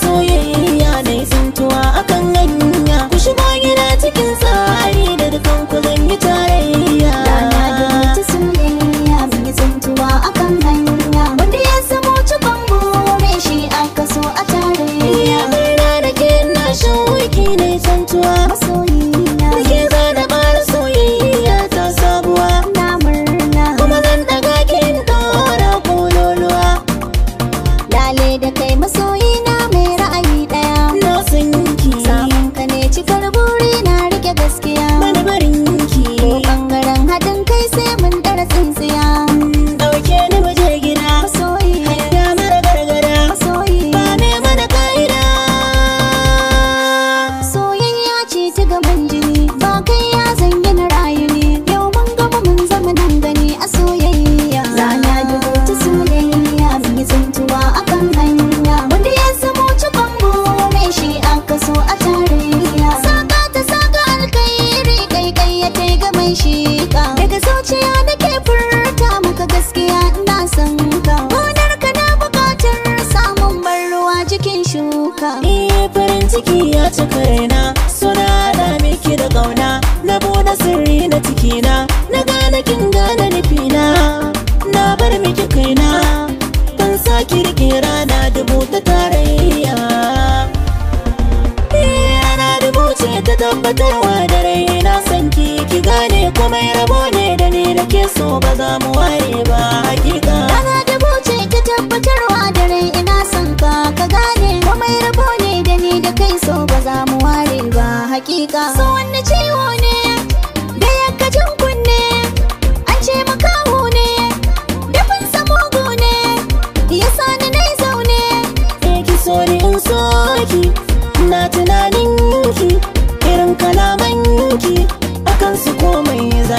ta soyayya ne tsintuwa akan cikina na gane kin gane nufina na bar miki kaina ban saki rike rana dubu ta tarayya rana dubu ce ta tabbatar wa da rai na san ki ki gane kuma rabo ne da ni da ke so ba za mu ware ba hakika rana dubu ce ta tabbatar wa da rai ina san ka ka gane kuma rabo ne da ni da kai so ba za mu ware ba hakika so wanda ce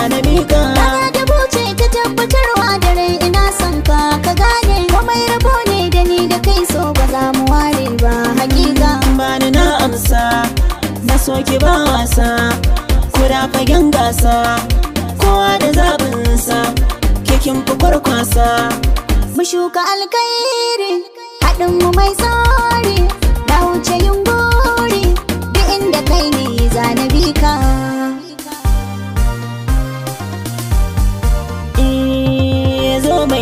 amana na da buce ta tabbatarwa da rai ina son ka ka gane komai rabo ne da ni da kai so ba za mu ware ba hakika bani na amsa na soki ba wasa kura fagen gasa kowa da zabinsa kekin fi kwarkwasa mu shuka alkairi haɗin mu mai sauri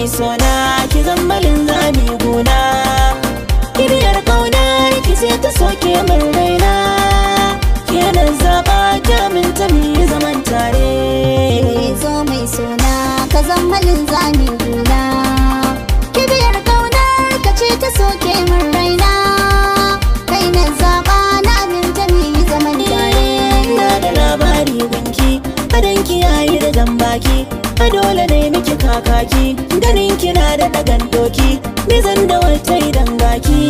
mai sona ki zambalin zami gona kiriyar kauna rikice ta soke mun ta yi dangaki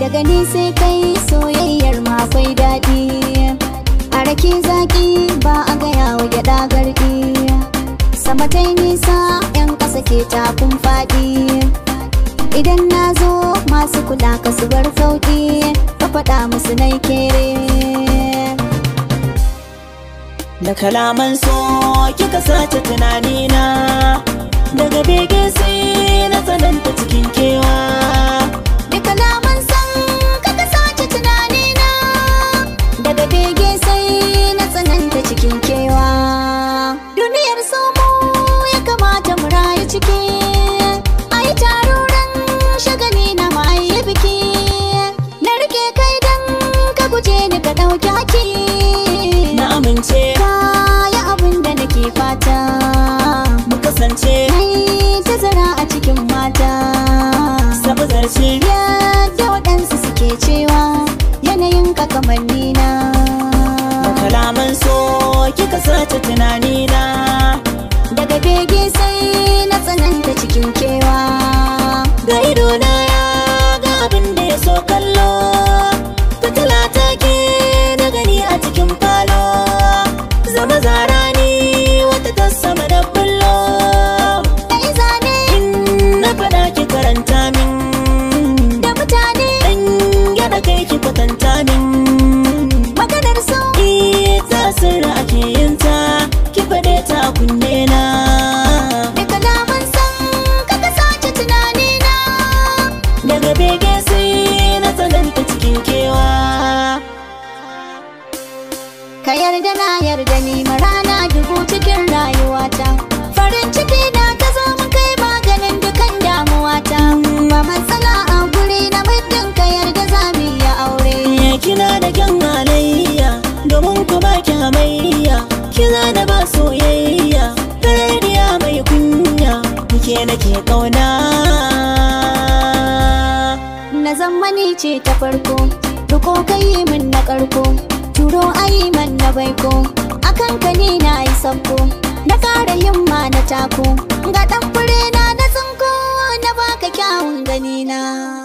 daga ni sai kai soyayyar ma akwai daɗi a rake zaƙi ba a gaya wa gyaɗa garɗi sama nisa 'yan ƙasa ke takun faɗi idan na zo masu kula ka su bar sauƙi ka faɗa musu na kere da kalaman so kika sace tunanina daga bege sai na tsananta cikin kewa so kika sace tunanina daga bege yarda na yarda ni marana dubu cikin rayuwata farin ciki na ta zo mun kai maganin dukan damuwata Ma matsala a guri na muddin ka yarda za mu iya aure kina da kyan halayya domin ku ba ki hamayya kina da ba soyayya tarariya mai kunya ke nake kauna na zammani ce ta farko duk kai min na karko turo man na baiko akan ka ni na sabko na ƙara ma na tako ga ɗan fure na na tsinko na baka kyawun gani na